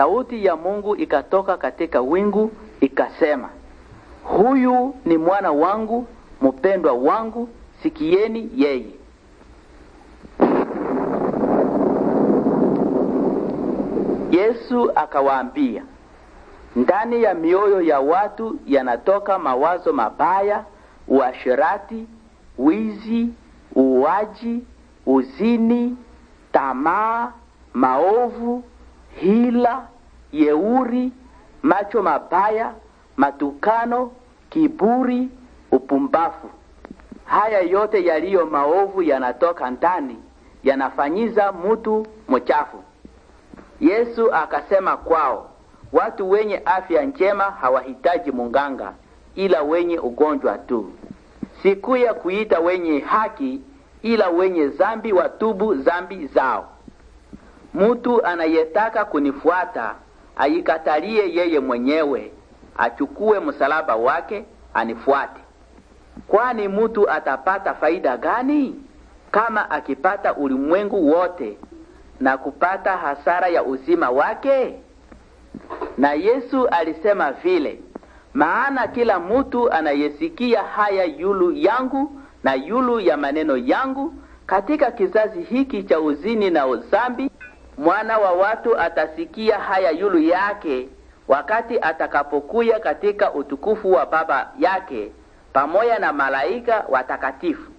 sauti ya Mungu ikatoka katika wingu ikasema, huyu ni mwana wangu mpendwa wangu, sikieni yeye. Yesu akawaambia, ndani ya mioyo ya watu yanatoka mawazo mabaya, uasherati, wizi, uuaji, uzini, tamaa, maovu, hila yeuri macho mabaya, matukano, kiburi, upumbavu. Haya yote yaliyo maovu yanatoka ndani, yanafanyiza mtu mchafu. Yesu akasema kwao, watu wenye afya njema hawahitaji munganga, ila wenye ugonjwa tu. Sikuya kuita wenye haki, ila wenye zambi watubu zambi zao. Mtu anayetaka kunifuata aikatalie yeye mwenyewe, achukue msalaba wake anifuate. Kwani mtu atapata faida gani kama akipata ulimwengu wote na kupata hasara ya uzima wake? Na Yesu alisema vile, maana kila mtu anayesikia haya yulu yangu na yulu ya maneno yangu katika kizazi hiki cha uzini na uzambi mwana wa watu atasikia haya yulu yake wakati atakapokuya katika utukufu wa Baba yake pamoja na malaika watakatifu.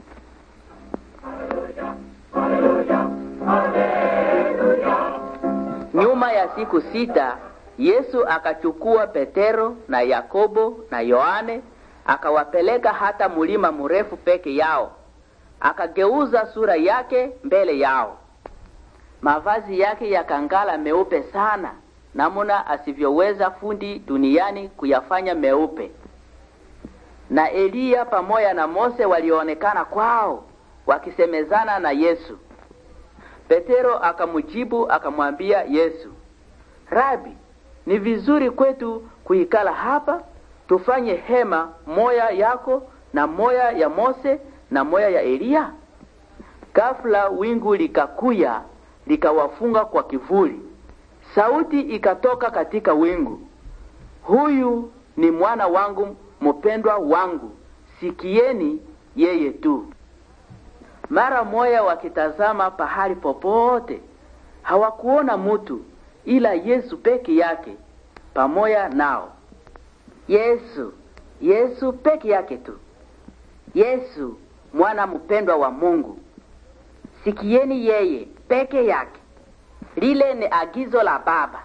Nyuma ya siku sita Yesu akachukua Petero na Yakobo na Yohane akawapeleka hata mulima murefu peke yao, akageuza sura yake mbele yao mavazi yake yakang'ala meupe sana, namuna asivyoweza fundi duniani kuyafanya meupe. Na Eliya pamoja na Mose walionekana kwao wakisemezana na Yesu. Petero akamujibu akamwambia Yesu, Rabi, ni vizuri kwetu kuikala hapa, tufanye hema moya yako na moya ya Mose na moya ya Eliya. Ghafla wingu likakuya likawafunga kwa kivuli. Sauti ikatoka katika wingu, huyu ni mwana wangu mpendwa wangu, sikieni yeye tu. Mara moya wakitazama pahali popote, hawakuona mutu ila Yesu peke yake pamoja nao. Yesu, Yesu peke yake tu, Yesu mwana mpendwa wa Mungu sikieni yeye peke yake. Lile ni agizo la Baba.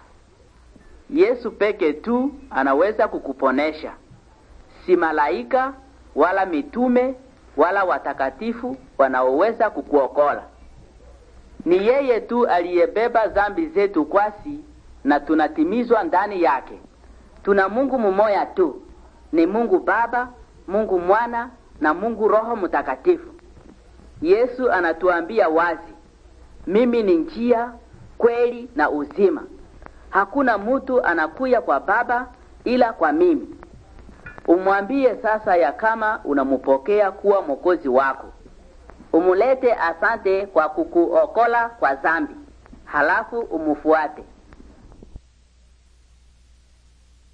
Yesu peke tu anaweza kukuponesha, si malaika wala mitume wala watakatifu wanaoweza kukuokola. Ni yeye tu aliyebeba zambi zetu kwasi, na tunatimizwa ndani yake. Tuna Mungu mmoja tu, ni Mungu Baba, Mungu Mwana na Mungu Roho Mtakatifu. Yesu anatuambia wazi, mimi ni njia, kweli na uzima. Hakuna mtu anakuya kwa Baba ila kwa mimi. Umwambie sasa ya kama unamupokea kuwa mwokozi wako, umulete asante kwa kukuokola kwa zambi, halafu umufuate.